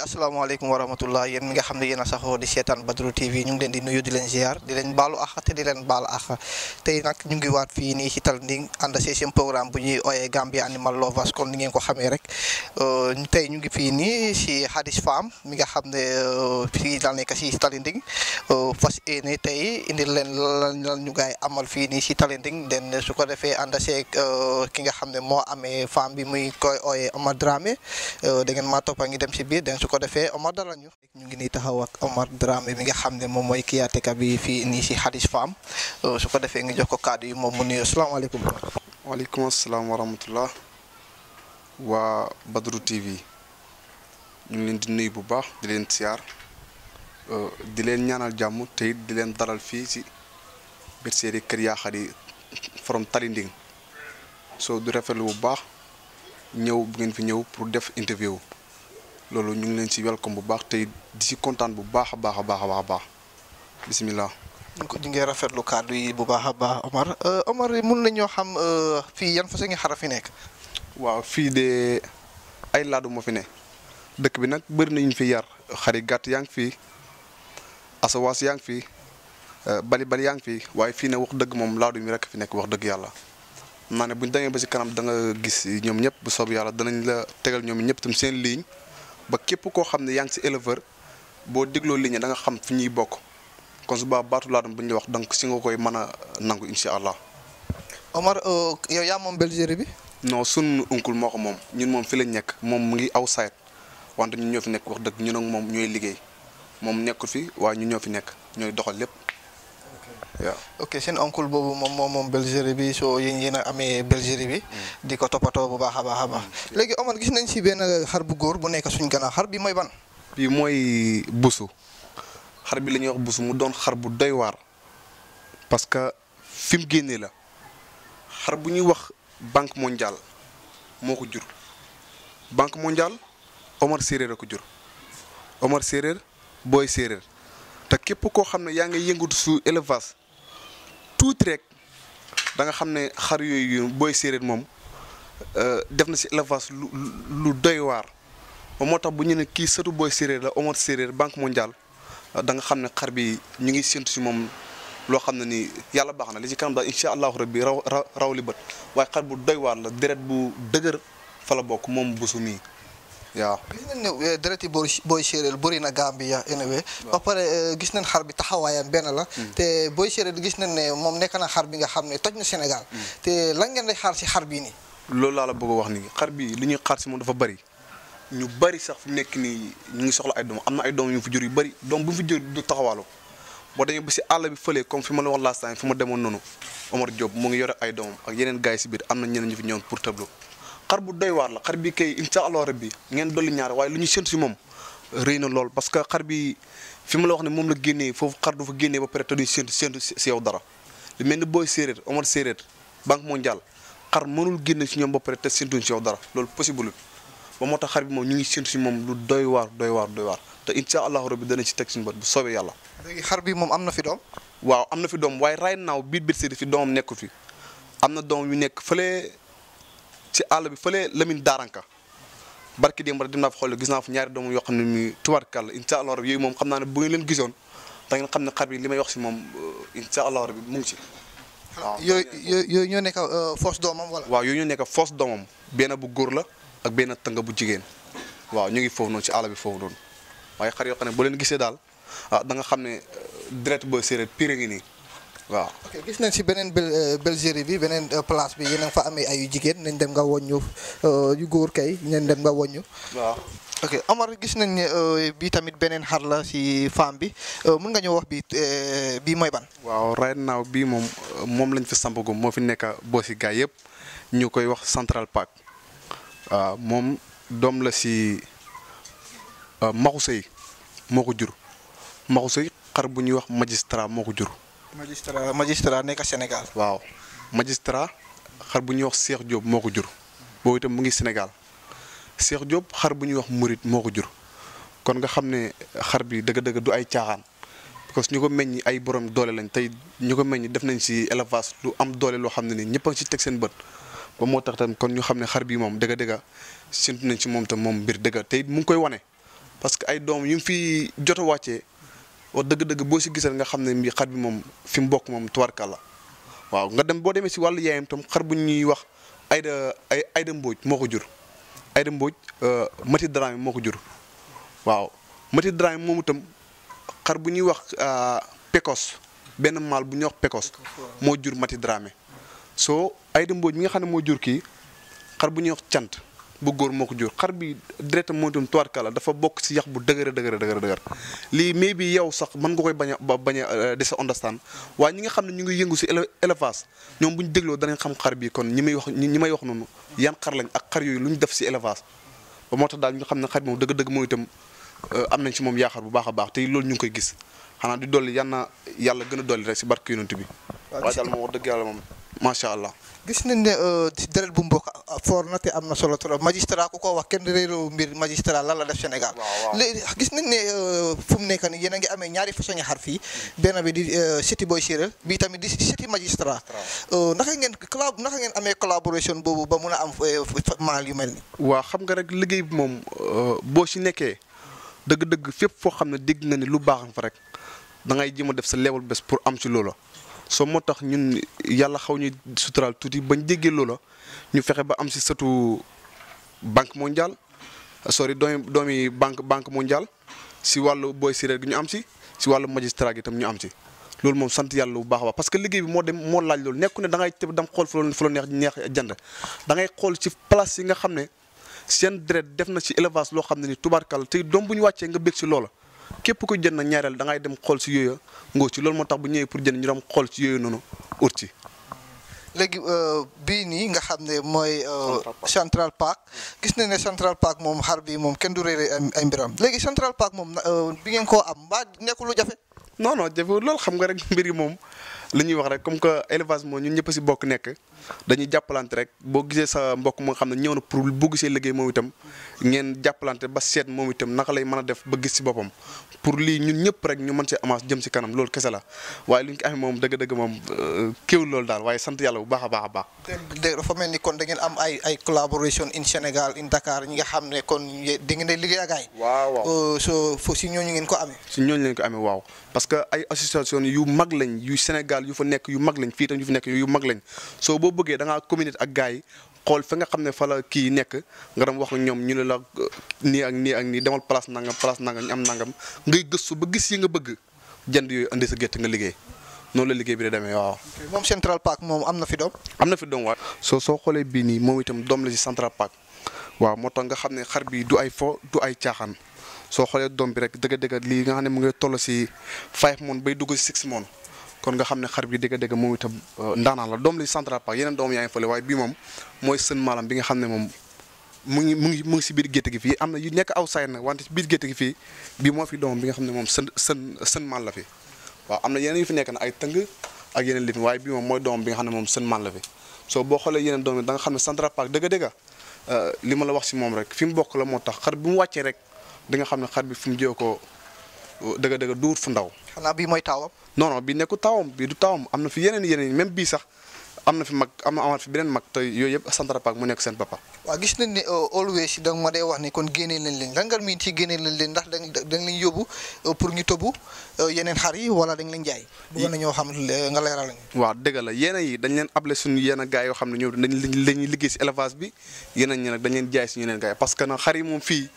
Assalamualaikum warahmatullahi yeen mi nga xamne yeen saxo di setan Badru TV ñu ngi leen di nuyu di leen ziar di leen Balu ax te di leen Bal ax tay nak ñu ngi waat fi ni ci Tallinding and see programme bu ñuy Gambia Animal Lovers kon ni ngeen ko xamee rek eh, tay ñu ngi fi ni ci Hadis Farm mi nga xam eh, ne fii daal nekk ci euh fas yéene tey indil leen lan ñu gay amal fi ni ci Tallinding den eh, su ko defee ànd see ki nga xamne mo amé amee bi muy koy ooyee Omar euh da ngeen ma ngi dem ci bi den su ko defé Omar dara ñu ñu ngi ni taxaw ak Omar Dramé mi nga xamné mom moy kiyaté ka bi fii nii si xadis faam euh, su ko defé nga jox ko kàddu yu mom mu alaykum wa alaykum assalam wa rahmatullah wa Badru TV ñu ngi leen di nuyu bu baax di leen euh di leen ñaanal jamm te di leen daral fi ci bir séeri kër yaa xadi Talinding so du rafetlu bu baax ñew bu ngeen fi ñew pour def interview lolu ñu ngi leen ci welcome bu baax tey di ci contente bu baax a baax a baax a baax a baax bisimilah. ñu ngi rafetlu kàddu yi bu baax a baax Omar euh, Omar mun nañu xam euh, fii yan façon xara fi nekk. waaw fii de ay laadu moo fi ne dëkk bi nag bëri nañu fi yar xari gàtt yaa ngi fi asawaas yaa ngi fi euh, bali bali yaa ngi fi waaye fii ne wax dëgg moom laadu mi rek fi nekk wax dëgg yàlla. naa ne bu ñu demee ba ci kanam da nga gis ñoom ñëpp bu soob yàlla danañ la tegal ñoom ñëpp tam seen ligne. ba képp koo xam ne yaa ngi si éleveur boo dégloo ligne danga xam fi ñuy bokk kon su baatu laa doon bu ñuy wax donc si nga koy mën a nangu incha allah. Omar euh, yow yaa moom bergerie bi. no sunu uncle moo ko moom ñun moom fi lañ nekk moom mu ngi outside wante ñu ñoo fi nekk wax dëgg ñun ak moom ñooy liggéey moom nekkul fi waaye ñu ñoo fi nekk ñooy doxal lépp. ok seen oncle boobu moom moom moom Belgérie bi soo yéen yéen amee Belgérie bi. Mm. di ko toppatoo bu baax a baax mm. léegi Omar gis nañ si benn xar bu góor bu nekk suñ gannaaw xar bi mooy ban. bii mooy busu xar bi la wax busu mu doon xar bu doy waar parce que fi mu génnee la xar bu ñuy wax banque mondiale moo ko jur. banque mondiale Omar Séeréer a ko jur Omar Séeréer booy Séeréer te képp koo xam ne yaa ngi yëngatu su élevage. tuuti rek da nga xam ne xar yooyu booy séeréer moom euh, def na si élevage lu lu doy waar moo tax bu ñu ne kii sëtu booy séeréer la Omar séeréer banque mondiale euh, da nga xam ne xar bi ñu ngi séntu si moom loo xam ne ni yàlla baax na li ci kanam daal incha allahu rabbi raw raw li bët waaye xar bu doy waar la deret bu dëgër fa la bokk moom busu mii waaw gis nañ ne eh, dereti booy booy séeréer bëri na Gambia anyway ba pare eh, gis nañ xar bi taxawaayam benn la mm. te booy séeréer gis nañ ne moom nekk na xar bi nga xam ne toj na Sénégal mm. te lan ngeen day xaar si xar bii nii loolu laa la bëgg a wax nii xar bi li ñuy xaar si moom dafa bëri ñu bëri sax nekk nii ñu ngi soxla ay doom am na ay doom yu fi jur yu bëri doom bu fi jur du taxawaalu boo demee ba si àll bi fële comme fi ma la wax last fi ma demoon noonu Omar mu ngi yore ay doomam ak yeneen si biir am na ñeneen ñu fi ñëwoon pour tableau xar bu doy waar la xar bi kay incha allah rabbi ngeen dolli ñaar waaye lu ñu séntu si moom rëy na lool parce que xar bi fi ma la wax ne moom la génnee foofu xar du fa génnee ba pare te duñ séntu séntu si booy séeréer Omar séeréer banque mondiale xar mënul génne si ñoom ba pare te séntuñ si yow dara loolu possible ba moo tax xar moom ñu ngi séntu si moom lu doy waar doy waar doy waar te incha allah rabbi danañ si teg suñu bët bu soobee yàlla. léegi na fi doom. waaw am na fi doom fi doomam nekku fi yu nekk fële si àll bi fële Lamine Daranka barki démb rek dinaa fa xool gis naa fa ñaari doom yoo xam ne muy tubarkàlla incha allah yooyu moom xam naa ne bu ngeen leen gisoon da ngeen xam ne xar bi li may wax si moom euh, incha allah rabi mu ngi ah, yooyu ñoo nekk euh, foos doomam wala. waaw yooyu ñoo nekk force doomam benn bu góor la ak benn tënga bu jigéen waaw ñu ngi foofu noonu ci àll bi foofu noonu waaye xar yoo xam ne boo leen gisee daal ah da nga xam ne euh, direct ba séeréer pire ngi nii. waaw ok gis nañ si beneen euh, Belgérie bi beneen euh, place bi yéen a fa amee ay jigéen nañ dem nga woññu euh, yu góor kay nañ dem nga woññu waaw ok Omar gis nañ ne bi tamit beneen xar la si femme bi mun nga wax bi bii mooy ban waaw right now bi moom moom lañ fi sampagum moo fi nekk si gaay yëpp ñu koy wax Central Park waaw moom doom la si maxu sëy moo ko jur maxu sëy xar bu ñuy wax magistrat moo ko jur magistrat magistrat nekk Sénégal. waaw magistrat xar bu ñuy wax seex jóob moo ko jur. boobu itam mu ngi Sénégal Cheikh Diop xar bu ñuy wax Murit moo ko jur kon nga xam ne xar bi dëgg-dëgg du ay caaxaan. parce ñu ko meññ ay borom doole lañ tey ñu ko meññ def nañ ci élevage lu am doole loo xam ne nii ñëpp a ci teg seen bët ba moo tax tam kon ñu xam ne xar bi moom dëgg dëgg séntu nañ ci moom tam moom mbir dëgg tey mu ngi koy wane. parce que ay doom wax dëgg-dëgg boo si gisal nga xam ne mbi xar bi moom fi mu bokk moom tubarkàlla waaw nga dem boo demee si wàllu yaayam tam xar bu ñuy wax ayda ay ayda mbooj moo ko jur ayda mbooj euh, mati dramé moo ko jur waaw mati dramé moom itam xar bu ñuy wax euh, pecos benn maal bu ñuy wax pecos moo jur mati dramé soo ayda mbooj mi nga xam ne moo jur kii xar bu ñuy wax cant bu góor moo ko jur xar bi direct mooy itam tubaarkàlla dafa bokk si yax bu dëgëra dëgëra dëgëra dëgër lii mais bi yow sax man nga koy bañ a bañ a euh, desa understand waaye ñi nga xam ne ñu ngi yëngu si élevage ñoom bu ñu dégloo danañ xam xar bi kon ñi may wax ñi may wax noonu yan xar lañ ak xar yooyu lu ñu def si élevage ba moo tax daal ñu xam ne xar moom dëgg-dëgg mooy itam euh, am nañ si moom yaakaar bu baax a baax te loolu ñu ngi koy gis xanaa di dolli yan na yàlla gën dolli si barke yonent bi waaye daal moom wax dëgg yàlla moom macha allah. gis nañ ne ci euh, deret bu mbokk euh, foor na te am na solo trop magistrat ku ko wax kenn réeroo mbir magistrat lan la def Sénégal. léegi gis nañ ne euh, fu mu nekk nii yéen a ngi amee ñaari façon ñi xarf yi. benn bi di Siti Boy Séeréer bi tamit di Siti magistrat. ndaxa ngeen collab naka ngeen amee collaboration boobu ba mun a am maal yu mel nii. waa xam nga rek liggéey bi moom boo si nekkee dëgg-dëgg fépp foo xam ne dégg na ni lu baax fa rek da ngay jéem a def sa level bés pour am ci loola. so moo tax ñun yàlla xaw ñu suturaal tuuti bañ déggee loola ñu fexe ba am si sëtu banque mondiale sori doomi doomi banque banque mondiale si wàllu booy séeréer gi ñu am si si wàllu magistrat gi tam ñu am si. loolu moom sant yàlla bu baax a baax parce que liggéey bi moo dem moo laaj loolu nekku ne da ngay tëb dam xool fu la fu la neex neex jënd da ngay xool ci place yi nga xam ne seen deret def na ci élevage loo xam ne ni tubaarkàlla te doom bu ñu wàccee nga bég si loola. képp ko a ñaareel da ngay dem xool si yooyu ngoo ci loolu moo tax bu ñëwee pour jënd ñu dem xool si yooyu noonu ut ci léegi euh, bii nii nga xam ne mooy. Euh, Central Park gis nañ ne Central Park moom xar bi moom kenn du réeré ay mbiram léegi Central Park moom euh, bi ngeen koo am mbaa nekkul lu jafe. non jafe loolu xam nga rek mbir yi moom. li wax rek comme que élevage moom ñun ñëpp si bokk nekk dañuy jàppalante rek boo gisee sa mbokk moo xam ne ñëw na pour bu gisee liggéey moom itam ngeen jàppalante ba seet moom itam naka lay mën a def ba gis si boppam pour lii ñun ñëpp rek ñu mën see avance jëm si kanam loolu kese la waaye lu ñu ko amee moom dëgg-dëgg euh, bu baax a baax a baax. dégg dafa mel kon da ay ay collaboration in ne waaw euh, ko amee. waaw parce que ay association yu mag lañ yu Sénégal dal yu fa nek yu mag lañ fi tam yu fi nek yu mag lañ so bo bëggee da nga communauté ak gaay xol fa nga xamné fa la ki nek nga dem wax ak ñoom ñu la ni ak ni ak ni demal place nangam place nangam ñu am nangam ngay gëstu ba gis yi nga bëgg jënd yu andi sa gëtt nga liggé non la liggé bi da démé waaw. mom Central Park mom amna fi dom amna fi dom wa so so xolé bi ni mom itam dom la ci Central Park waaw mo tax nga xamné xar bi du ay fo du ay tiaxan so xolé dom bi rek deug deug li nga xamné ne mu ngi tollu ci 5 mon bay dugg ci 6 mon kon nga xam ne xar bi dëgg-dëgg moom itam euh, ndaanaan la doom li central park doom yaa ngi fële waaye bii moom mooy sën nga xam ne moom mu ngi mu ngi mu ngi si biir gi fii am na yu nekk outside nag wante si biir gétt gi fii bii moo fi doomam bi nga xam ne moom sën sën sën maal la fi am na yeneen yu fi nekk na ay tëng ak yeneen lifin waaye bii moom mooy doomam bi nga xam ne moom sën maal la fi soo boo xoolee yeneen doom yi da xam ne central park dëgg-dëgg euh, li ma la wax si moom rek fi mu bokk la moo tax xar bi mu wàccee rek danga xam ne xar bi fi mu jiyoo ko euh, dëgg-dëgg duur fu ndaw xanaa bii mooy taawam non bi bii nekku tawam bii du tawam am na fi yeneen yi même bii sax am na fi mag am na amaat fi beneen mag te yooyu yëpp Central Park mu nekk seen papa. waa gis nañ ne euh, always da ma day wax ni kon génne nañ leen rangal mi ci génne nañ leen ndax da nga leen yóbbu euh, ñu tëbu euh, yeneen xar yi wala dañ leen jaay. bëgg nañoo xam nga leeral ñu. waaw dëgg la yeneen yi dañ leen able suñu yenn gars yoo xam ne ñoom dañ leen liggéey si élevage bi yeneen ñi nag dañ leen jaay suñu yeneen gars yi parce que na xar yi moom fii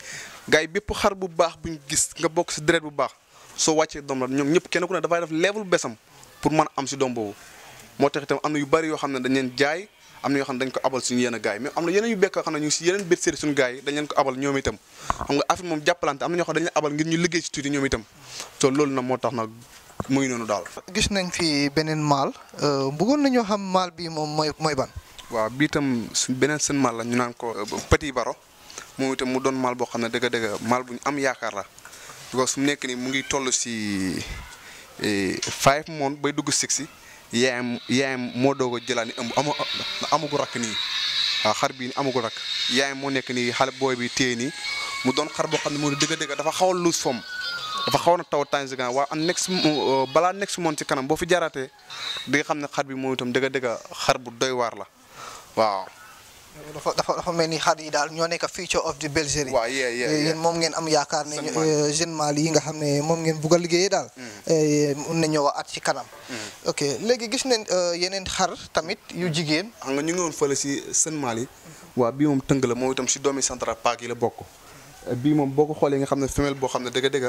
gars yi bépp xar bu baax buñ gis nga bokk si deret bu baax soo wàccee doom la ñoom ñëpp kenn ku ne dafay def level besam pour mën am si doom boobu moo tax itam am na yu bëri yoo xam ne dañ leen jaay am na yoo xam ne ko abal suñu yenn gars yi mais am na yeneen bekk yoo xam ne ñu ngi si yeneen dañ ko abal ñoo xam ne dañ leen abal ngir ñu liggéey si tuuti ñoom itam so loolu na moo tax nag mu ngi noonu daal gis nañ fi beneen maal euh, bëggoon nañoo xam maal bi moom mooy mooy ban waaw bii itam su beneen seen maal la ñu naan ko euh, petit baro moom itam mu doon maal boo xam ne dëgg dëgg maal bu ñu am yaakaar la because mu nekk nii mu ngi toll si eh, five months bay dugg six yaayam yaayam moo doog jëla jëlaat ni ëmb amu amagu rakk nii waaw ah, xar bii amagu rakk yaayam moo nekk nii xale booy bi téye nii mu doon xar boo xam ne moo dëgg dëgg dafa xaw a luus fomm dafa xaw na taw temps gan waa an next uh, balaa next month ci kanam boo fi jaaraatee di nga xam ne xar bi moom itam dëgg dëgg xar bu doy waar la waaw dafa dafa dafa mel ni xar yi daal ñoo nekka future of the Belgerie. waaw eh, yéen moom ngeen am yaakaar ne eh, jeune Mali yi nga xam ne moom ngeen bugg a liggéeyee daal. Mm. Eh, mun na ñëw at ci kanam. Mm. léegi gis nañ yeneen xar tamit yu jigéen. xam nga ñu ngi woon fële si seen Mali. waa bii moom tëng la moom itam si doomi central park yi la bokk. bii moom boo ko xoolee nga xam ne femelle boo xam ne dëgg dëgg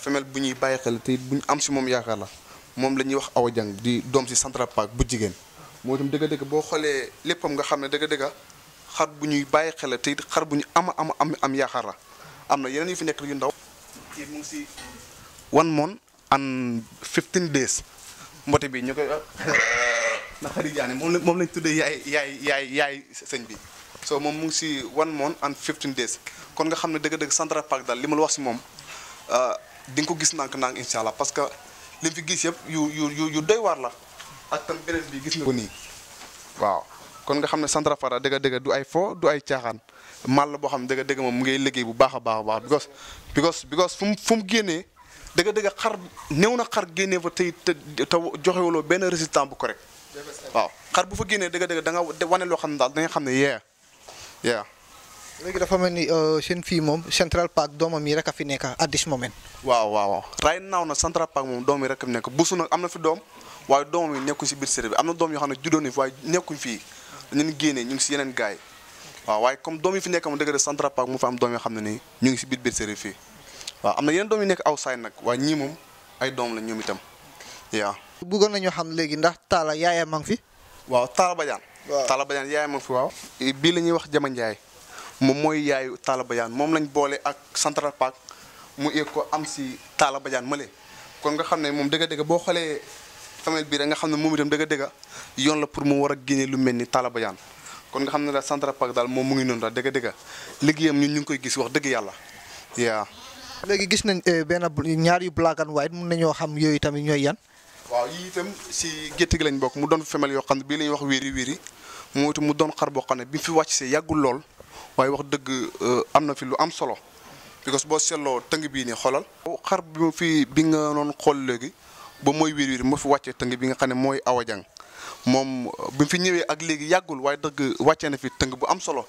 femelle bu ñuy bàyyi xel te bu ñu am si moom yaakaar la moom la ñuy wax awa jàng di doom si central park bu jigéen. moo itam deug dëgg boo xoolee léppam nga xam deug deug xar bu ñuy bàyyi xel te xar buñu ñu ama ama am am yaxara amna yeneen yu fi nek yu ndaw. ci mu ci wan mon an 15 days mbote bi ñu koy ah, na xarit jaane mom lañ moom lañ tuddee yaay yaay yaay yaay señ bi so mom mu ci wan mon an 15 days kon nga xam deug deug dëgg Central Park dal limul ma la wax si moom ah, di nga ko gis nànk-nànk inshallah parce que lim fi gis yep yu yu yu doy war la. ak tam beneen gis nga ko nii waaw kon nga xam ne Santrafara dëgg dëgg du ay fo du ay caaxaan màll boo xam ne dëgg dëgg moom mu ngay liggéey bu baax a baax a baax because because because fu mu fu mu génnee dëgg dëgg xar néew na xar génnee fa tey te te joxewuloo benn résultat bu correct waaw xar bu fa génnee dëgg dëgg da nga wane loo xam ne daal da xam ne yee léegi dafa mel ni seen euh, fii moom Central Park doomam yi rek a fi nekk at this moment. waaw waaw waaw naaw na Central Park moom doom yi rek a fi nekk busu nag am na fi doom. waaye doomam yi nekkuñ si biir séeréer bi am na doom yoo xam ne juddoon nañ fi waaye nekkuñ fii dañu génnee ñu ngi si yeneen gaay waaw waaye comme doom yi fi nekk mu dëgg de Central Park mu fa am xam ne nii ñu ngi si biir biir séeréer am na yeneen doom yu nekk outside nag waaye ñii moom ay doom la ñoom itam yaa bëggoon nañoo xam léegi ndax Talla yaayam ma ngi fi waaw Talla Badiane Talla Badiane yaayam ma ngi bii la ñuy wax Jama Ndiaye moom mooy yaayu Talla Badiane moom lañ boole ak Central Park mu yëg ko am si Talla Badiane mële kon nga xam ne moom dëgg-dëgg boo xoolee femelle bi rek nga xamne ne moom itam dëgg dëgg yoon la pour mu wara a lu melni talaba yaan kon nga xamne la centre Central Park daal moom mu ngi non da dega dega liggéeyam ñun ñu ngi koy gis wax dëgg yalla ya legi gis nañ eh, ben ñaar yu black and white nañu xam yoy ñoy yan waaw yi itam si gétt gi lañ bok mu don femelle yo xam bi lañ wax wéeri wéeri moo itam mu don xar bo xam bi fi wacc ci yagul lool way wax deug eh, am fi lu am solo because bo lo tëng bi ni xolal xar bi mu fi bi nga non xol legi ba mooy wiir wiir moo fi wàccee tëng bi nga xam ne mooy Awa Diang moom bi fi ñëwee ak léegi yàggul waaye dëgg wàccee na fi tëng bu am solo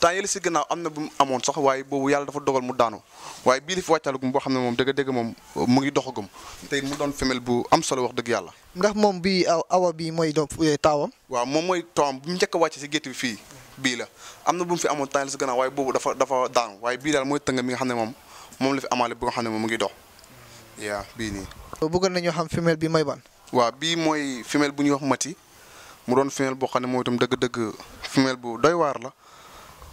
temps yële si gannaaw am na bu amoon sax waaye boobu yàlla dafa dogal mu daanu waaye bii li fi boo xam ne moom dëgg dëgg moom mu ngi doxagum mu doon femelle bu am solo wax dëgg yàlla. ndax moom bii awa bii mooy doon eh, taawam. waaw moom mooy taawam bu mu njëkk a wàcce si gétt bi fii bii la am na bu mu fi amoon temps yële si gannaaw waaye boobu dafa dafa daanu waaye bii daal mooy tëng mi nga xam ne moom moom la fi amaale bu nga xam ne moom mu ngi dox yaa bii nii. bëggoon nañoo xam femelle bi may ban. waaw bii mooy femelle bu ñuy wax mati mu doon femelle boo xam ne moom itam dëgg-dëgg femelle bu doy waar la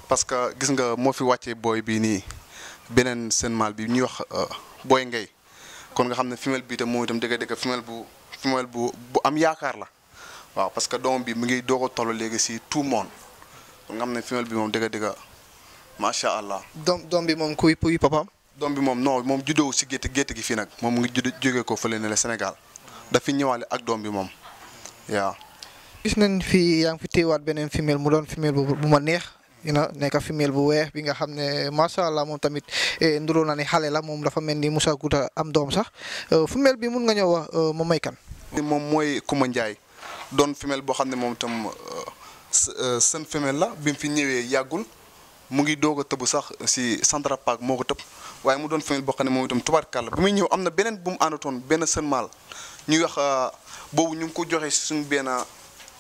parce que gis nga moo fi wàccee booy bii nii beneen seen bi ñuy wax euh, booy ngay kon nga xam ne femelle bi itam moom itam dëgg-dëgg femelle bu femelle bu bu am yaakaar la waaw parce que doom bi mu ngi doog a toll léegi si tout moon kon nga xam ne femelle bi moom dëgg-dëgg macha allah. doom doom bi moom kuy puy papaam. dom bi mom non mom judo, si gete gete gi fi nak mom mu ngi judd ko fele ne senegal da fi ñewale ak dom bi mom ya gis nañ fi yang ngi fi teewat benen female mu don female bu bu you neex. ina nekk female bu weex bi nga xamne ne macha allah moom tamit eh, nduro na ni xale la mom dafa melni musa Gouta am dom sax eh, femelle bi mun nga ñow wax eh, moom mooy kan. moom mooy Kouma Ndiaye doon femelle bo xamne mom tam itam la bi fi ñewé yagul mu ngi doga sax si sandra Park moko waaye mu doon femelle boo xam ne moom itam tubaarkàlla bi muy ñëw am na beneen bu mu benn sën maal ñu wax euh, boobu ñu ngi ko joxe suñu benn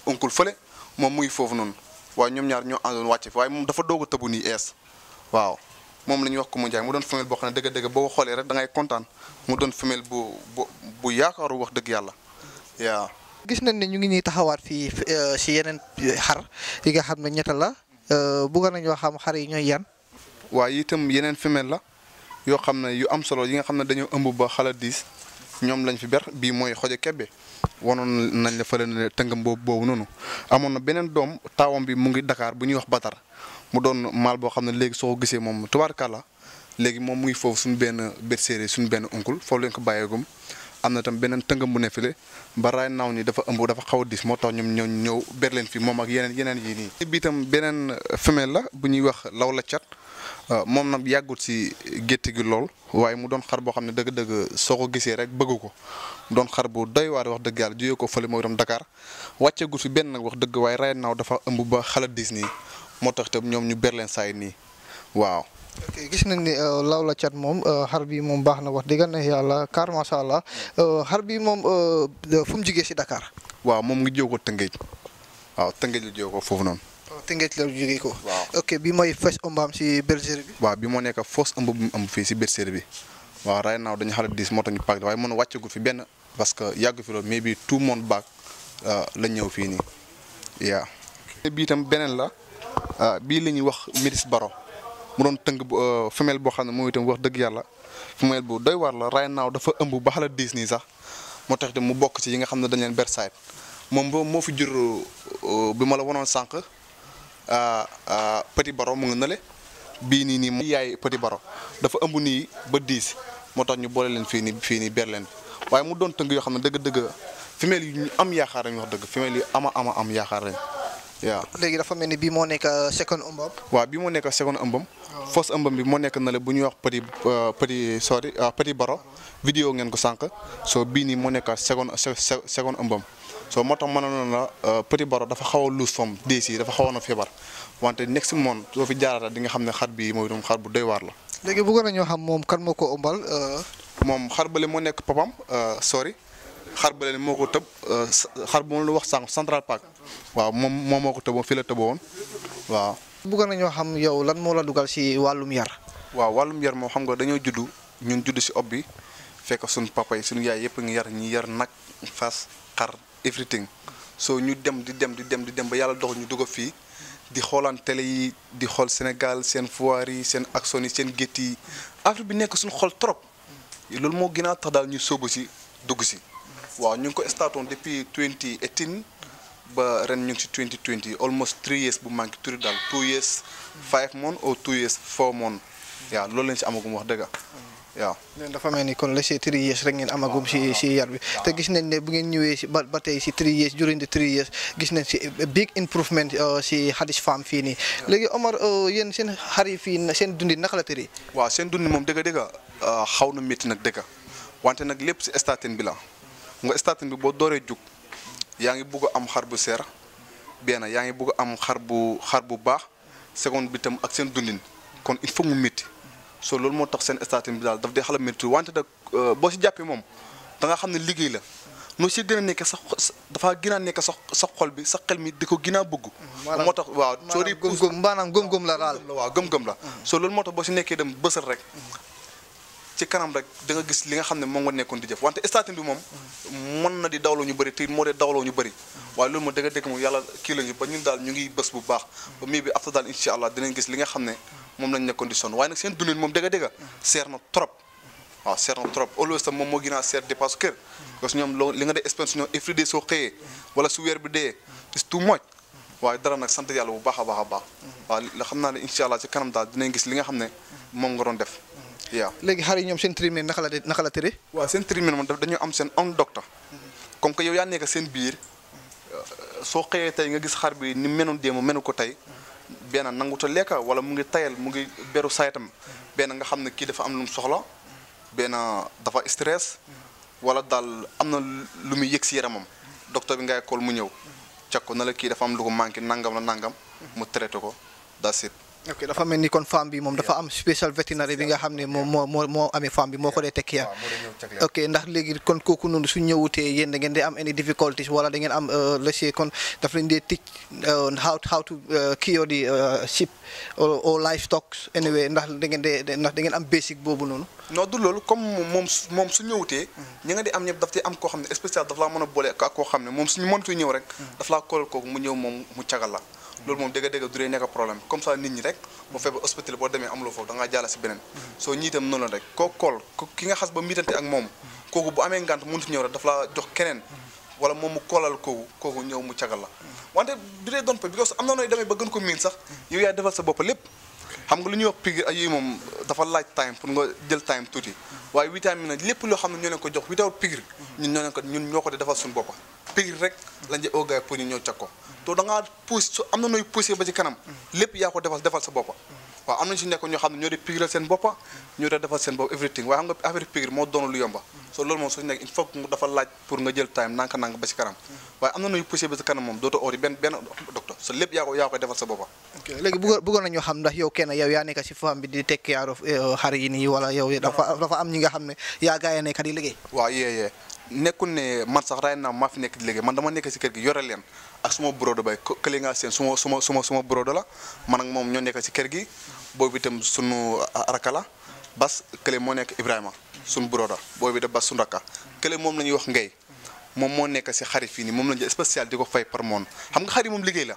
oncle fële moom muy foofu noonu waaye ñoom ñaar ñoo àndoon wàcce fi waaye moom dafa doog a tëbu nii ees waaw moom la ñuy wax ko mu njaay mu doon femelle boo xam ne dëgg-dëgg boo xoolee rek da ngay mu doon femelle bu bu yaakaaru wax dëgg yàlla gis nañ ne ñu ngi ñuy taxawaat fii euh, si yeneen xar yi nga xam ne ñetta la euh, bëggoon nañoo xam xar yi ñooy yan. waaye itam yeneen femelle la yoo xam ne yu am solo yi nga xam ne dañoo ëmb ba xala diis ñoom lañ fi ber bii mooy xojo kebbe wanoon nañ la fële ne tëngam boobu boobu noonu amoon na beneen doom taawam bi mu ngi dakaar bu ñuy wax Batar mu doon maal boo xam ne léegi soo ko gisee moom tubaarkàlla léegi moom mu ngi foofu suñu benn bergerie suñu benn oncle foofu lañ ko bàyyeegum am na tam beneen tëngam bu ne file ba raay naaw ni dafa ëmb dafa xaw diis moo tax ñoom ñoo ñëw ber leen fi moom ak yeneen yeneen yi nii. bii tam beneen femelle la bu ñuy wax law la cat. Euh, moom nag yàggut si gétt gi lool waaye mu doon xar boo xam ne dëgg-dëgg soo ko gisee rek bëgg ko doon xar bu doy waar wax dëgg yàlla juyee ko fële mooy itam Dakar wàcceegut fi benn wax dëgg waaye ray naaw dafa ëmb ba xala dis nii moo tax itam ñoom ñu berleen saay nii waaw. gis nañ ni euh, la cat moom euh, xar bi moom baax na wax dëgg na yàlla car macha allah xar bi moom fu mu jigee si dakaar waaw moom ngi jógee ko Tëngéej waaw Tëngéej la jógee ko foofu noonu. Tëngéej la jógee ko. bi mooy fausse ëmb am si bergerie bi. waaw bi moo nekk fausse ëmb am fii si bergerie bi waaw right now dañu xala diis moo tax ñu paak waaye mën a fi benn parce que yàggu fi loolu bi tout monde baag uh, la ñëw fii nii yaa beneen la uh, bii la ñuy wax Médis Baro mu doon tënk uh, femelle boo xam ne moom itam wax dëgg yàlla femelle bu doy waar la right now dafa ëmb ba xala diis nii sax moo tax itam mu bokk ci yi nga xam ne dañ leen bersaay moom boobu moo fi jur bi ma la wanoon sànq petit baro mu nga bi ni ni yaay petit baro dafa ëmbu ni ba 10 motax ñu boole leen fi ni fi ni berlin waye mu doon teug yo xamne deug deug femel yi am yaakar ñu wax deug femel yi ama ama am yaakar Ya. legi dafa melni euh, oh. bi mo nek second umbam wa bi mo nek second umbam fausse umbam bi mo nek na la bu ñu wax petit euh, petit sorry euh, petit baro video ngeen ko sank so bini ni mo nek second second umbam soo moo tax mënoon na la euh, Petit Baro dafa xaw a luus fomm diis yi dafa xawoon a feebar wante next moom soo fi jaarata di nga xam ne xar bi mooy doon xar bu doy waar la. léegi bëggoon nañoo xam moom kan moo ko ëmbal. Euh, moom xar bële moo nekk papam euh, sori xar bële moo ko tëb xar bu ma la wax sànq Central Park waaw moom moom moo ko tëboon fii la tëboon waaw. bëggoon nañoo xam yow lan moo la duggal si wàllum yar. waaw wàllum yar moom xam nga dañoo juddu ñun juddu si ob bi fekk suñu papa yi suñu yaay yëpp ngi yar ñi yar nag fas xar. everything so ñu dem di dem di dem di dem ba yàlla dox ñu dugg fii di xoolaan tele yi di xool Sénégal seen foire yi seen akson yi seen gétt yi affaire bi nekk suñu xool trop loolu moo gën tax daal ñu sóobu si dugg si waaw ñu ngi ko statoon depuis 2018 ba ren ñu ngi si 2020 almost 3 years bu manqué turi daal 2 years 5 months ou 2 years 4 months waaw loolu lañ si amagum wax dëgg waaw leen dafa mel ni kon la c'est three years rek ngeen amagum si si yar bi te gis nañ ne bu ngeen ñëwee si ba ba tey si three years during the three years gis nañ si eh, big improvement si eh, Hadis Farm fii nii léegi Omar eh, yéen seen xar yi fii seen dundi naka la tëri waa seen dundi moom dëgg dëgg xaw na métti nag dëgg wante nag lépp si statin bi la nga statin bi boo dooree jug yaa ngi bugg a am xar bu seer benn yaa ngi bugg am xar bu xar bu baax seconde bi tam ak seen dundin kon il faut mu so loolu moo tax seen statut bi daal daf dee xala métti wante da euh, boo si jàppee moom da nga ne liggéey la noo si nekk sax dafaa gën nekk sax sax xol bi sax xel di ko gën a bëgg moo tax waaw soo di gëm maanaam gëm-gëm la daal waaw gëm-gëm la so loolu moo tax boo si nekkee dem bësal rek ci kanam rek da nga gis li nga xam ne moom nga nekkoon di jëf wante statut bi moom mën na di dawloo ñu bëri te moo dee dawloo ñu bëri waaye loolu ma dëgg dëgg moom yàlla kii lañu ba ñun daal ñu ngi bës bu baax ba mii bi after daal incha allah dinañ gis li nga xam ne moom lañ nekkoon di sonn waaye nag seen dundin moom dëgg dëgg seer na trop waaw seer na trop always tam moom moo gën seer dépasse kër parce ñoom loo li nga dee expense ñoom every day soo xëyee wala su dee is too waaye dara nag sant yàlla bu baax a baax a baax waaw la xam naa ne incha allah ci kanam dinañ gis li nga xam ne moom nga doon def waaw léegi yi ñoom seen traitement naka la naka la tëre waaw seen traitement moom daf am seen un docteur comme que yow yaa nekk seen biir soo xëyee tey nga gis xar bi ni menoon démb menu ko tey benn nanguta lekk wala mu ngi tayal mu ngi beru sayatam benn nga xam ne kii dafa am lu soxla benn dafa stress wala daal am na lu muy yëg si yaramam docteur bi ngay kool mu ñëw cak ko na la kii dafa am lu ko manqué nangam la nangam mu traité ko dasit ok dafa mel ni kon femme moom dafa am spécial vétérinaire bi nga xam ne moom moo moo moo amee femme bi moo ko dee tekki yaa ok ndax léegi kon kooku noonu su ñëwutee yéen da ngeen di am any difficulties wala da ngeen am euh, kon daf leen dee teach euh, how how to cure the sheep or livestock anyway ndax da ngeen dee ndax da am basic boobu noonu non loolu comme moom moom su ñëwutee ñi nga di am ñëpp daf am koo xam ne spécial daf laa mën a boole ak ko xam ne moom suñu mëntu ñëw rek mm. daf laa koolal kooku mu ñëw moom mu cagal la loolu moom dëgg-dëgg du dee nekk problème comme ça nit ñi rek boo feebar hospital boo demee amuloo foofu da ngaa jàll si beneen mhm. soo ñii itam noonu la rek koo kool ki nga xas ba miitante ak moom mhm. kooku bu amee ngant mënut ñëw keneen mhm. wala moom mu koolal kooku kooku ñëw mu cagal la wante du dee doon pa because demee ba gën ko sax yow yaa bopp lépp xam lu ñuy wax pigir dafa laaj time pour nga jël time tuuti waaye vitamine nag lépp loo xam ne ñoo leen ko jox without pigir ñun ñoo ko ñun ñoo ko de defal suñu boppa tëj rek lañ jë oogaay pour ñu ñëw ca ko to da ngaa pousse am na nooy poussé si nekk ñoo xam ne ñoo di pigre seen boppa ñoo di defal seen bopp everything waaye xam nga affaire pigre moo so loolu moom soo nekk il faut que laaj pour nga jël time nanka nank ba kanam waaye am na nooy poussé ba si kanam moom dootoo oori benn benn docteur so lépp yaa ko defal sa boppa léegi bëggoon bëggoon nañoo xam ndax yow kenn yow yaa nekk si femme bi di tekk yaaro eh, xar yi wala yow dafa ne yaa nekkul ne man sax raay naa ma fi nekk di liggéey man dama nekk si kër gi yore leen ak suma brodo bay kële nga seen suma suma suma suma brodo la man moom ñoo nekk si kër gi boobu itam sunu raka la bas kële moo nekk Ibrahima sunu brodo boobu itam bas sunu rakka kële moom la ñuy wax ngay moom moo nekk si xarit fii nii moom la ñu spécial di ko fay par moon xam nga xarit moom liggéey la.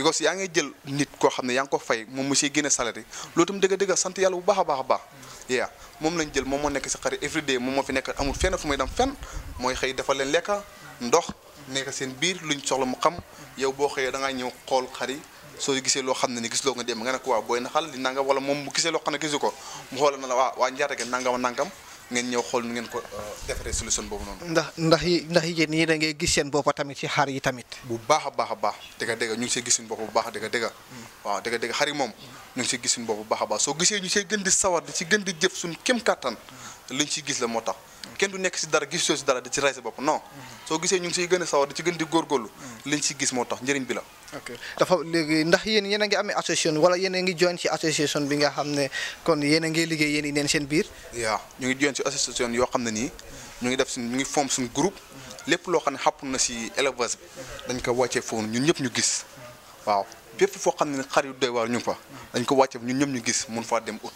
because yaa ngi jël nit koo xam ne yaa ngi ko fay moom mu siy gën a salari loolu tam dëgg dëgg sant yàlla bu baax a baax a baax yaa moom lañ jël moom moo nekk si xari everyday moom moo fi nekk amul fenn fu muy dem fenn mooy leen lekka ndox nekk seen biir luñ soxla mu xam yow boo xëyee da ngaa ñëw xool xari soo gisee loo xam ne ni gisuloo nga dem nga ne ko waaw booy naxal li nangam wala moom mu gisee loo xam ne gisu ko mu xoolal na la waa waa njaata gi nangam nangam ngeen ñëw xool nu ngeen ko euh, defaree solution boobu noonu. ndax ndax yi ndax yéen ñi da ngay gis seen bopp tamit ci xar yi tamit. bu baax a baax a baax dëgg dëgg ñu ngi see gis suñu bu baax dëgg dëgg waaw dëgg dëgg xar yi moom ñu ngi see gis suñu bu baax a baax soo gisee ñu see gën di sawar di ci gën di jëf suñu kem kàttan liñ ci gis la moo tax kenn du nekk si dara gis soo dara di ci rey sa bopp non mhm. soo gisee ñu ngi siy gën a sawar di ci gën di góorgóorlu mhm. liñ si gis moo tax njëriñ bi la ok dafa ndax yéen yéen a ngi amee association wala yéen ngi join si association bi nga xam ne kon yéen ngi liggéey yéen i neen seen biir waaw ñu ngi join si association yoo xam ne nii ñu ngi def suñ ñu ngi form suñ groupe mhm. lépp loo xam ne xàpp na si élevage bi dañ ko wàccee foofu ñun ñëpp ñu gis waaw bépp foo xam ne xar yu ñu fa dañ ko wàccee ñun ñëpp ñu gis mun faa dem ut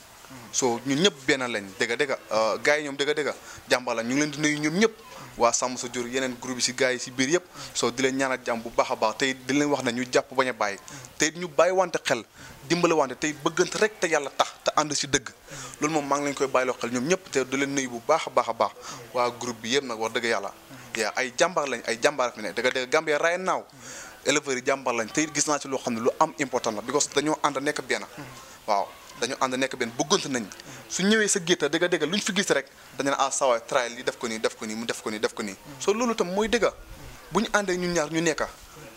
so ñu ñëpp benn lañ dëgg dëgg euh, gars yi ñoom dëgg dëgg jàmbaar lañ ñu ngi leen di nuyu ñoom ñëpp waa sàmm sa jur yeneen groupe yi si gars yi si biir yëpp soo di leen ñaanal jàmm bu baax a baax tey di leen wax ne ñu jàpp bañ a bàyyi tey ñu bàyyi wante xel dimbale wante tey bëggante rek te yàlla tax te ànd si dëgg loolu moom maa ngi leen koy bàyyiloo xel ñoom ñëpp te di leen nuyu bu baax a baax a baax waa groupe bi yëpp nag wax dëgg yàlla yaa ay jàmbaar lañ ay jàmbaar fi ne dëgg dëgg Gambia right now éleveurs yi tey gis naa ci loo xam ne lu am important la because dañoo ànd nekk benn waaw dañu ànd nekk benn bëggante nañ su ñëwee sa gétta dëgga dëgga lu ñu fi gis rek dañu ne ah sawaay trail li def ko nii def ko nii mu def ko nii def ko nii soo loolu itam mooy dëgga bu ñu àndee ñun ñaar ñu nekka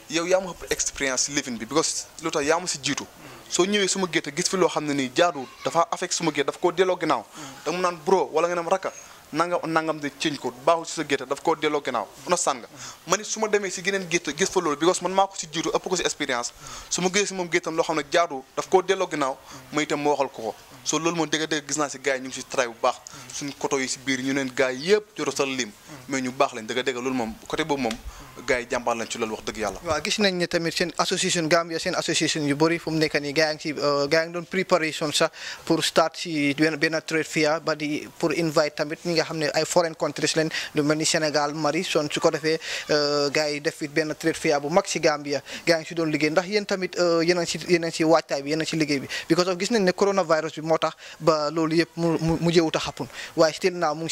yow yaa ma ëpp expérience si living bi because lu tax yaa ma si jiitu soo ñëwee suma gétta gis fi loo xam ne nii jaaduwul dafa affect suma gétt dafa koo delloo ginnaaw da mu naan bro wala nga ne ma rakka nangam nangam de ciñ ko baaxul si sa gétt daf koo delloo ginnaaw understand nga ma ni su ma demee si geneen gétt gis fa loolu because man maa ko si jiito ëpp ko si expérience su ma gisee si moom géttam loo xam ne jaadu daf koo delloo ginnaaw ma itam ma waxal ko ko so loolu moom dëgg-dëgg gis naa si gars yi ñu ngi si travail bu baax suñ koto si biir ñu neen gars yi yëpp joro sal lim mais ñu baax lañ dëgg-dëgg loolu moom côté boobu moom gars yi ci loolu wax dëgg yàlla waaw gis nañ ne tamit seen association Gambia seen association yu bëri fu mu nii gars si gars yaa sax pour start si benn benn ba di pour invite tamit ñi nga xam ne ay foreign countries leen lu mel ni Sénégal Mali son su defee euh, gars def it benn trade bu mag si Gambia gars si doon liggéey euh, a ngi a bi a because of gis nañ ne coronavirus bi moo tax ba loolu yëpp mu mu jëwut waaye still naa mu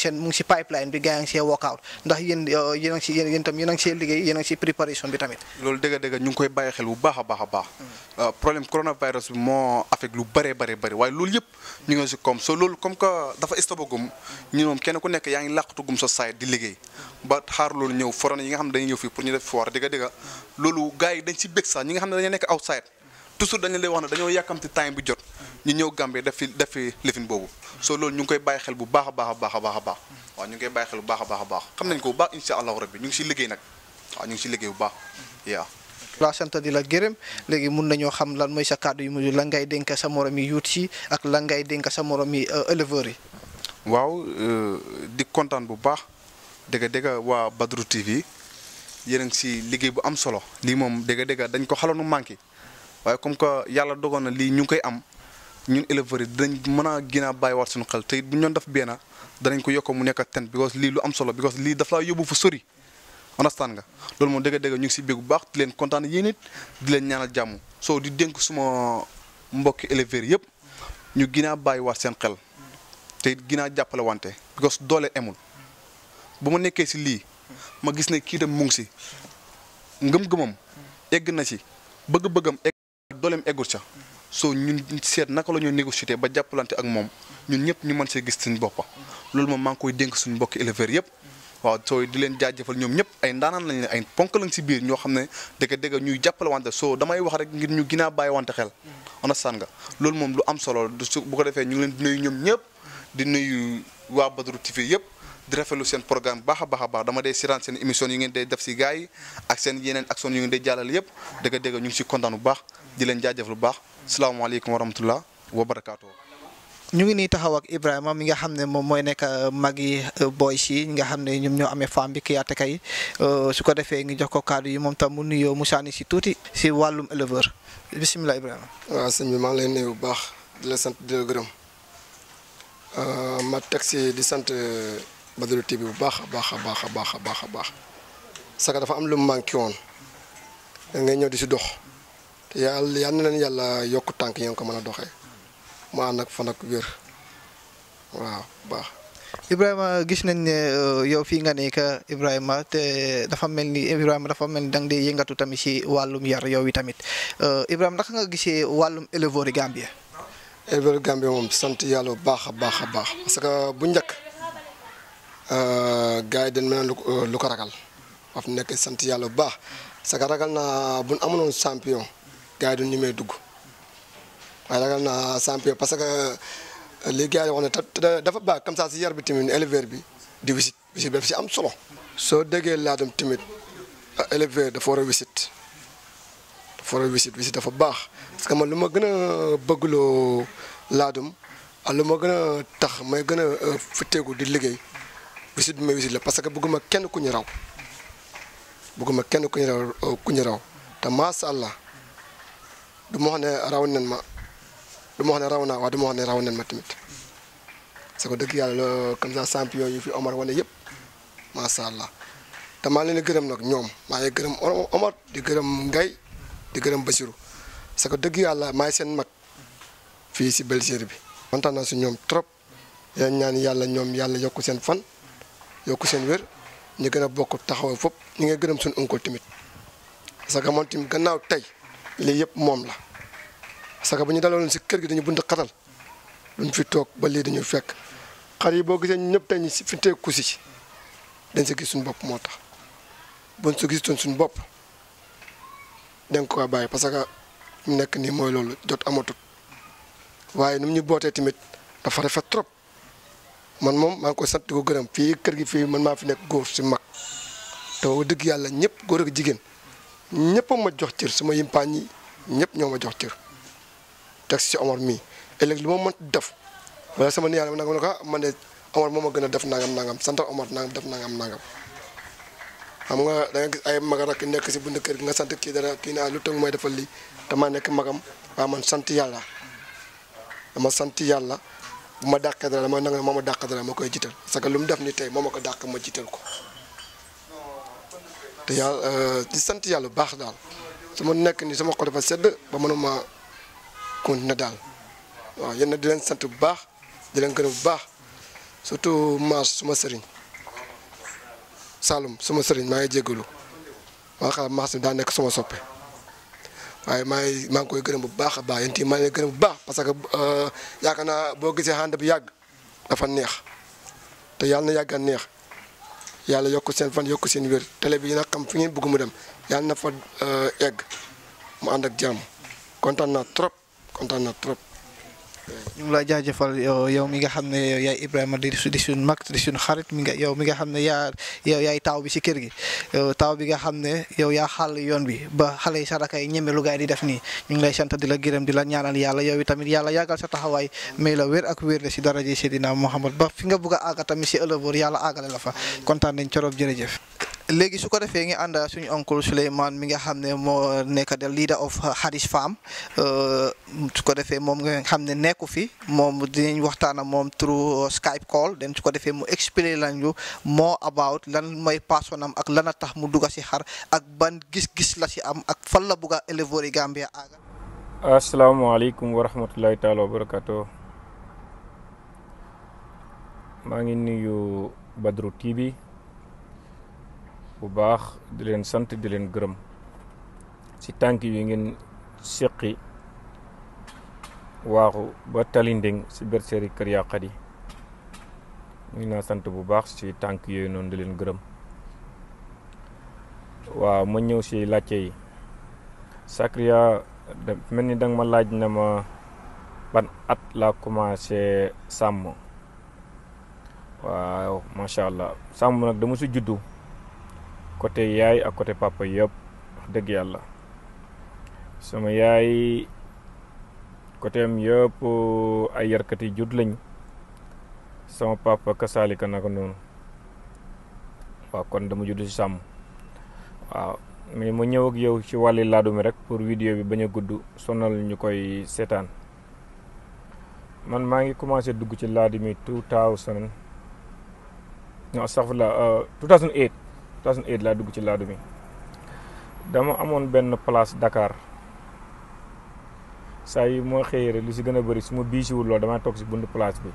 si liggéey yéen a ngi ci préparation bi tamit. loolu dëgg dëgg ñu ngi koy bàyyi euh, loolu yëpp ñu ngi si koom comme que dafa stopagum ñu ku nekk yaa ngi làqatugum sa saay di liggéey ba xaar loolu ñëw foron yi nga xam ne dañuy ñëw fii pour ñu def foire dëgg dëgg loolu gars yi dañ si bëgg sax ñi nga xam ne dañoo nekk outside toujours dañu lay wax ne dañoo yàkkamti time bi jot ñu ñëw Gambie def fi def fi lifin boobu soo loolu ñu ngi koy bàyyi xel bu baax a baax a baax a baax a baax waaw ñu ngi koy bàyyi xel bu baax a baax a baax xam nañ ko bu baax incha allahu rabbi ñu ngi si waaw ñu si liggéey bu baax mm-hmm. yaa la sant di la gërëm léegi mun nañoo xam lan mooy sa kàddu yu mujj la ngay dénk sa morom yi yuut si ak la ngay dénk sa morom euh, éleveurs yi. waaw euh, di kontaan bu baax dëgg dëgg waa Badru TV yéen a si liggéey bu am solo lii moom dëgg dëgg dañ ko xaloonu manqué waaye comme que yàlla dogoon na lii ñu ngi koy am ñun éleveurs yi dinañ mën a gën a bàyyiwaat suñu xel te bu ñu doon def benn danañ ko yokk mu nekk ten because lii lu am solo because lii daf laa yóbbu fu sori. understand nga loolu mo deug deug ñu ci si bég bu baax di leen contane yéen nit di leen ñaanal jamm so di denk suma mbokk éleveurs yëpp ñu gina bayyi wa seen xel te gina because doole emul buma nekké ci si ma gis ne ki dem mu ngi ci ngëm-ngëmam egg na si bëgg-bëggam egg dolem eggul ci so ñun seet naka la ñu négocier ba jàppalante ak moom ñun ñëpp ñu mën ci gis suñu bop loolu mo maa koy denk suñu mbokk waaw soo di leen jaajëfal ñoom ñëpp ay ndaanaan lañ leen ay ponk lañ si biir ñoo xam ne dëgg dëgg ñuy jàppale wante soo damay wax rek ngir ñu ginnaaw bàyyi wante xel mm. understand nga loolu moom lu am solo su bu ko defee ñu ngi leen di nuyu ñoom ñëpp di nuyu waa Badru TV yëpp di rafetlu seen programme baax a baax a baax dama dee siraan seen émission yu ngeen day def si gars yi ak seen yeneen action yu ngeen day jàllale yëpp dëgg dëgg ñu ngi si kontaan bu baax di leen wa rahmatullah wa ñu ngi nii taxaw ak Ibrahima mi nga xam ne moom mooy nekk euh, mag euh, yi boy si nga xam ne ñoom ñoo amee femme bi kay Kaye euh, su ko defee ngi jox ko kàddu yi moom tam mu nuyoo mu sànni si tuuti si wàllum éleveur bisimilah Ibrahima. waaw sëñ bi maa ngi lay nuyu bu baax di la sant di la gërëm ma teg si di sant Badru TV bu baax a baax a baax a baax a baax a baax saka dafa am lu mu manqué woon ngay ñëw di si dox te yàlla yal yàlla yokk tànk yi ko mën a doxee. mu ànd ak fan ak wér waaw gis nañ ne euh, yow fii nga ne que te dafa mel ni Ibrahima dafa mel ni da nga di yëngatu tamit si wàllum yar yow wi tamit euh, Ibrahima naka nga gisee wàllum éleveur Gambie. éleveur Gambie moom sant yàlla bu baax a baax a baax parce que bu njëkk euh, gars yi dañ mel ne lu ko ragal wax nekk sant yàlla bu baax parce ragal naa bu amoon champion gars yi du ñu may dugg. waaye ragal naa champion parce que euh, li gars yi wax ne dafa baax comme ça si yar bi tamit éleveur bi di wisit wisit bi si am solo. soo déggee laadum tamit euh, éleveur dafa war a wisit dafa war dafa baax parce que man lu ma gën a bëgguloo laadum ak lu ma gën a tax may gën a euh, fitteeku di liggéey wisit bi may wisit la parce que bëgguma kenn ku ñu raw bëgguma kenn ku ñu raw ku te macha allah du ma wax ne raw nañ ma. du ma ne raw naa waaw du ma ne raw nen ma tamit parce que dëgg yàlla comme ça champion yu fi Omar wane yëpp macha allah te maa leen di gërëm nag ñoom maa ngi gërëm Omar di gërëm Ngay di gërëm Basiru parce que dëgg yàlla maay seen mag fii si Belgique bi. kontaan naa si ñoom trop yéen ñaan yàlla ñoom yàlla yokk seen fan yokk seen wér ñu gën a bokk taxaw fop ñu ngi gërëm suñu oncle tamit parce que moom tamit gannaaw tey lii yëpp moom la. parce que bu ñu daloon si kër gi dañu bunt xatal luñ fi tok ba li dañu fekk xar yi boo gisee ñëpp tey si fi teeku si ci dañ si gis suñu bop moo tax buñ gis gisoon suñu bop dañ ko baay parce que nek ni moy lolu jot amatu waye num mu ñu bootee tamit dafa rafa trop man mom ma ko koy sant ko gërëm fi kër gi fi man ma fi nek goor ci mak taw wax dëgg yàlla ñëpp góor ak jigen ñepp ma jox ciir suma yimpañi ñepp ñoma jox ciir teg si Omar mii ëllëg li ma mën def wala sama niyaay ma ne ko ah, man de Omar gën a def nangam nangam sant Omar nangam def nangam nangam. xam nga da nga gis ay mag nekk si bunt kër gi nga sant kii dara kii naa ah, lu tënk may defal lii nekk magam waaw sant yàlla dama sant yàlla bu ma dàqee dara dama moo ma dàq dara ma koy jiital parce que lu mu def ni tey moo ma ko dàq ma jiital ko te yàlla euh, di sant yàlla bu baax daal su ma nekk ni sama xol dafa sedd ba mënuma Kun nadal, waaw ah, yéen ya, nag di leen sant bu baax di leen gërëm bu baax surtout Mass suma sëriñ Saloum suma sëriñ maa ngi jégalu maa xam Mass bah, daa nekk suma soppe waaye maa ngi maa ngi koy gërëm bu baax a baax yéen tamit maa ngi bu baax parce que euh, yaakaar naa boo gisee bi dafa neex te na neex fan yokk seen wér télé bi nag xam fi ngeen bëgg mu dem na fa euh, egg mu ànd ak jàmm kontaan trop. kontaan na trop. ñu ngi laa jaajëfal yow mi nga xam ne yaay Ibrahima di di suñ mag di suñ xarit mi nga yow mi nga xam ne yaa yow yaay taaw bi si kër gi taaw bi nga xam ne yow yaa xaal yoon bi ba xale yi saraka yi ñeme lu gaay di def nii ñu ngi lay sant di la gërëm di la ñaanal yàlla yow tamit yàlla yàggal sa taxawaay may la wér ak wér la si daraje Seydina Muhammad ba fi nga bugg a àgg tamit si ëllëg yàlla àggale la fa kontaan nañ corob jërëjëf Lagi su ko anda, ngi ànd suñu oncle Souleymane mi nga xamné mo nek leader of Hadis Farm eh, su ko defé mom nga xamné ne fi mom dinañ waxtana mom through uh, Skype call den su ko defee mu expliqué lañu more about lan moy passionam ak lan tax mu dugg si xar ak ban gis-gis la si am ak fal la buga a élevori Gambia assalamu alaykum wa rahmatullahi taala wa barakatuh ma ngi nuyu Badru TV bu baax di leen sant di leen gërëm ci tànk yu ngeen seqi waaxu ba talinding ci berceri kër yàqat yi ñu naa sant bu baax ci tànk yooyu noonu di leen gërëm waaw ma ñëw ci laajte yi Sakria mel ni ma laaj na ma ban at la commencé sàmm waaw macha allah sàmm nag dama si juddu côté yaay ak côté papa yop wax dëgg yàlla sama yaay côté am yëpp ay yarkati jut lañ sama papa kasaalika naka noonu waaw kon dama judd si sàmm waaw mais ma ñëw ak yow ci wàlli laadu mi rek pour vidéo bi bañ gudd sonal ñu koy seetaan man maa ngi commencé dugg ci laadu mi 2000 non sax la 2008 2008 la dugg ci laadu mi dama amone benn place Dakar say mo xeyere xëyee rek lu si gën a bëri su ma biisiwul loolu damay toog place bi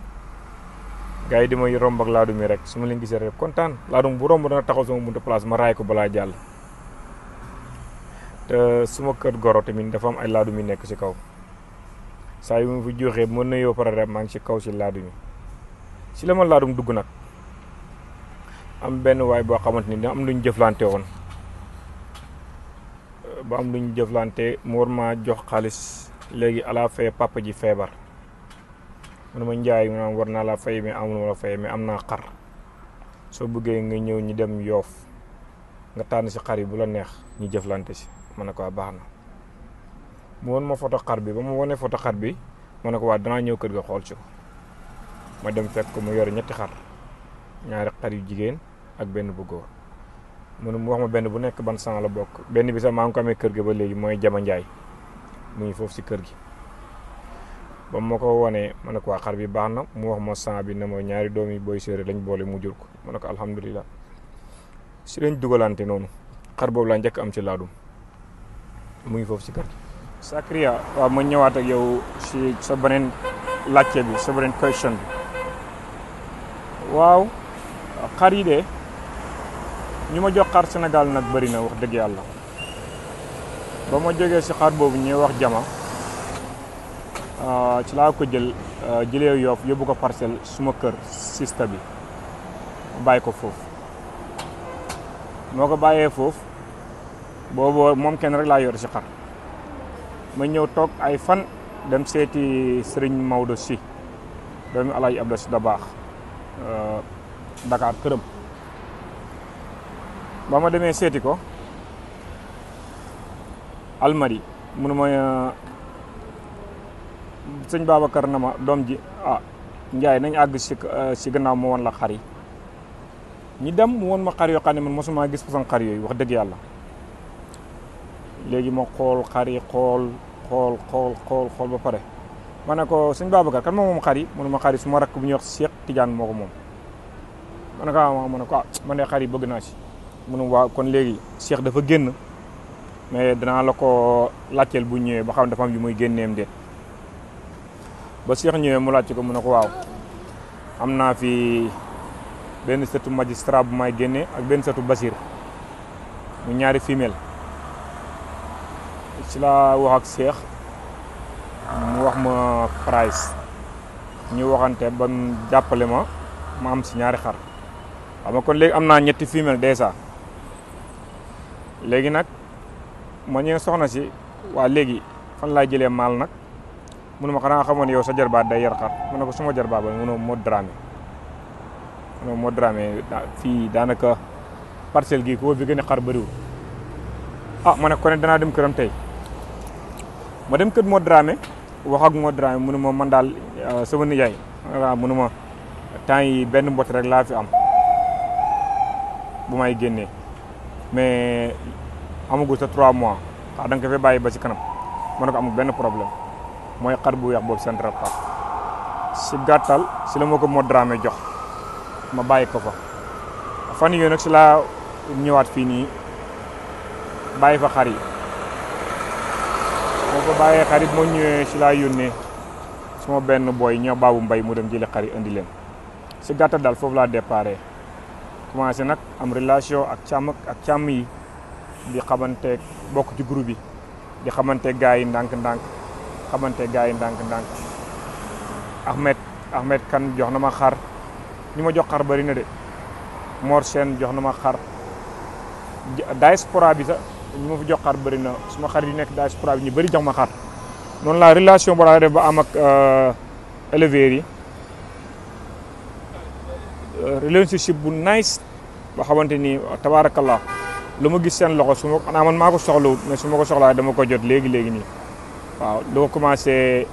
gars di may romb ak laadu mi rek suma ma leen gisee rek kontaan laadum bu romb dana taxaw sama buntu place ma ray ko bala jall te suma kër goro tamit dafa am ay laadu mi nekk ci kaw saa yu ma fi joxee ma nuyoo pare rek maa ngi ci kaw si laadu mi si la ma laadum dugg nag am benn waay boo xamante ni da am luñ jëflante woon ba am luñ jëflante mu war maa jox xaalis léegi ala fay papa ji feebar man ma njaay maanaam war naa la fay mais amul wala fay mais am naa xar soo bëggee nga ñëw ñu dem yoof nga tànn si xar yi bu la neex ñu jëflante si ma ne ko ah, baax na mu won ma photo xar bi ba mu wonee photo xar bi ma ne ko waa danaa ñëw kër ga xool ci ko ma dem fekk mu yor ñetti xar ñaari xar yu jigéen ak benn bu góor mu wax ma benn bu nekk ban sang la bokk benn bi sax maa ngi ko amee kër gi ba léegi mooy Jama Njaay mu ngi foofu si kër gi ba ma ko wanee ma ne ko waa xar bi baax na mu wax ma sang bi ne ma ñaari doom yi booy séeréer lañ boole mu jur ko ma ne ko alhamdulilah si lañ dugalante noonu xar boobu laa njëkk am ci laadum mu ngi foofu si kër gi. Sakria waaw ma ñëwaat ak yow si sa beneen laajte bi sa beneen question bi waaw xar yi de ñuma ma jox xar sénégal nag bari na wax deug yalla ba ma jógee si xar boobu wax jama ah, ci la ko jël ah, jëlee yof yobu ko parcel suma kër sista bi bay ko fofu moko baye fofu bobu mom ken rek la yor ci xar ma ñew tok ay fan dem seeti serigne maoudou si dem alay Abdou si da ah, Dakar kërëm ba ma demee seeti ko almari munu ma eh, sëñ Babacar na ma doom ji ah njaay nañ àgg si eh, si gannaaw mu woon la xar yi ñi dem mu woon ma xar yoo xam ne man mosuma gis façon xar yooyu wax dëgg yàlla léegi ma xool xar yi xool xool xool xool xool ba pare ma ne ko sëñ Babacar kan moo moom xar yi mu ne ma xar yi su ma rakk bu ñuy wax Cheikh Tidiane moo ko moom ma ne ko ah ma ne ah, xar yi bëgg naa si mu ne waaw kon léegi cheikh dafa génn mais danaa la ko laajteel bu ñëwee ba xam dafa am yu muy génneem de ba cheikh ñëwee mu laajte ko mu ne ko waaw am naa fi benn sëtu magistrat bu may génnee ak benn sëtu basir mu ñaari femelle ci la wax ak cheikh mu wax ma price ñu waxante ban jàppale ma ma am si ñaari xar xam nga kon léegi am naa ñetti female dèjà léegi nag ma ñëw soxna si waa léegi fan laa jëlee maal nag mun ma xanaa xamoon yow sa jarbaat day yar xar mu ne ko suma jarbaat ba munoo moo dramé munoo moo dramé fii daanaka parcelle gi ko fi gën a xar bëriwul ah, danaa dem këram tey ma kër moo dramé wax ak moo dramé munu ma man daal euh, sama nijaay waaw temps yi benn mbott rek laa fi am bu may génnee mais amagu sa 3 mois xaa da nga ko mana bàyyi ba ci kanam mu ne ko amul benn problème mooy xar bu weex boobu central park si gàttal si la ma ko moo dramé jox ma bàyyi ko fa fan yooyu nag si laa ñëwaat fii nii bàyyi fa xar yi moo ko bàyyee xar yi moo ñëwee si laa yónnee ñoo mbay mu dem commencé nak am relation ak cham ak cham yi di xamanté bok ci groupe bi di xamanté gaay yi ndank ndank xamanté gaay yi ndank ndank Ahmed Ahmed kan jox ma xar ñi ma jox xar bari na de Mor sen jox ma xar diaspora bi sa ñi ma fi jox xar bari na suma xar yi nek diaspora bi ñu bari jox ma xar non la relation bo def ba am ak euh Eh, relationship bu nice ba xamanteni tabarakallah luma gis sen loxo su ma man mako soxlo soxlawut mais su ko soxla dama ko jot legui legui ni waaw do commencé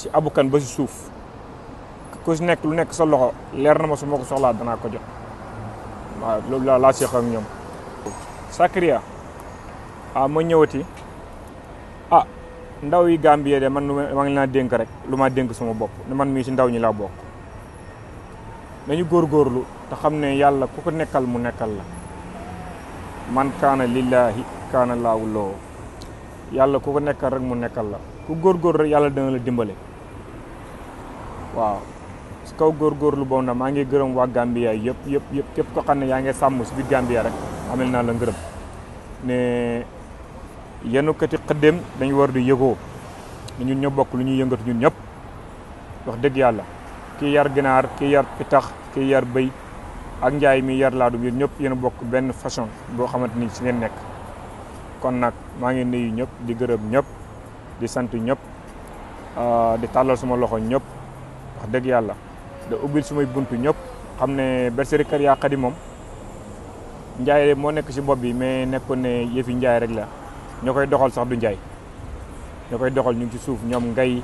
ci abukan ba ci souf ko ci nek lu nek sa loxo lerr na ma su ko soxla dana ko jot waaw lolu la la ak ñom Sakria a ah, ma ñewati ah ndaw yi Gambie de man ma ngi na misin rek luma denk sama ne man mi ci ndaw ñi la bok nañu gor gorlu ta ne yalla ku ko nekkal mu nekkal la man kana lillahi kana lahu lo yalla ku ko nekkal rek mu nekkal la ku gor rek da nga la dimbalé waaw si kaw gorlu bo na ma ngi gëreum wa Gambia yëpp yëpp yëpp kep ko xamne ne nga ngi sàmm Gambia rek amel na la né ne kati xëddeem dañu war di yego ñun ñu bokku lu ñu yëngatu ñun ñëpp wax deug yalla kii yar ginaar kii yar pitax kii yar bëy ak njaay mii yar laadum yéen ñëpp yéen bokk benn façon boo xamante ni si ngeen nekk kon nag maa ngi nuyu ñëpp di gërëm ñëpp di santu ñëpp di tàllal suma loxo ñëpp wax dëgg yàlla da ubbil sumay buntu ñëpp xam ne Berserkariya Khady moom njaay moo nekk si bopp bi mais nekkoon ne yëfi njaay rek la ñoo koy doxal sax du njaay ñoo koy doxal ñu ngi ci suuf ñoom ngay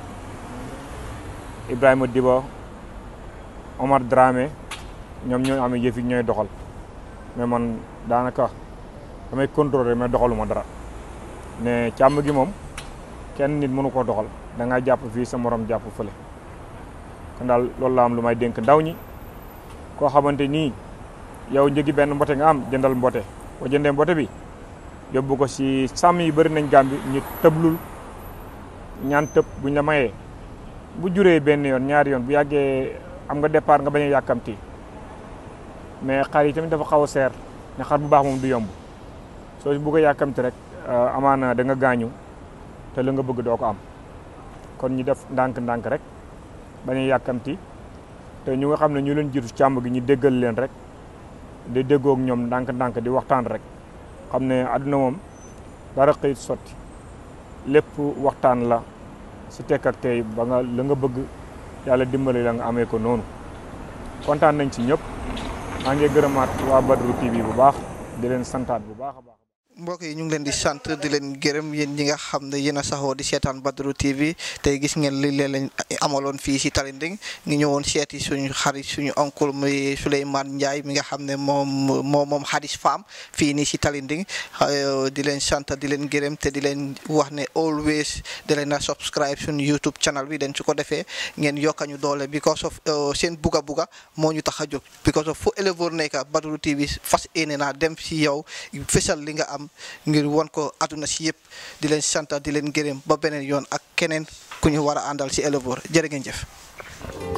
Ibrahima Diba Omar Dramé ñom ñoo amé yëf ñoy doxal mais man danaka dama contrôlé mais doxaluma dara ne càmm gi mom kenn nit mënu ko doxal da nga japp fi sa morom japp feulé kan dal lool la am lu may ndaw ñi ko xamante yow ñëgi ben mbote nga am jëndal mboté wa jëndé mbote bi yobbu ko si sam yi bari nañ gambi ñu teblul ñaan tepp buñ la mayé bu juré ben yoon ñaar yoon bu yagge am nga départ nga bañ a yàkkamti mais xar yi tamit dafa xaw a seer ne xar bu baax moom du yomb soo bëgg a yàkkamti rek euh, amaana da nga gaañu te la nga bëgg doo ko am kon ñu def ndànk-ndànk rek bañ a yàkkamti te ñu nga xam ne ñu leen jiitu càmb gi ñu déggal leen rek di déggoog ñoom ndànk-ndànk di waxtaan rek xam ne àdduna moom dara xëyit sotti lépp waxtaan la si tekk ak ba nga la nga bëgg yàlla dimbali la amee ko noonu kontaan nañ ci ñëpp maa ngi gërëmaat waa Badru TV bu baax di leen santaat bu baax a baax. mbokk yi ñu ngi leen di sant di leen gërëm yéen ñi nga xam ne yéen a saxoo di seetaan Badru TV te gis ngeen li leen lañ amaloon fii si Talinding ngi ñëwoon seeti suñu xarit suñu oncle muy Souleymane Ndiaye mi nga xam ne moom moom moom Hadis Farm fii nii si Talinding euh, di leen sant di leen gërëm te di leen wax ne always da leen a subscribe suñu YouTube channel bi den su ko defee ngeen yokk ñu doole because of euh, seen buga buga moo ñu tax a jog because of fu éleveur nekk Badru TV fas yéene naa dem si yow ngir won ko àdduna si yëpp di leen santaat di leen gërëm ba beneen yoon ak keneen ku ñu war a àndal si éleveur jërë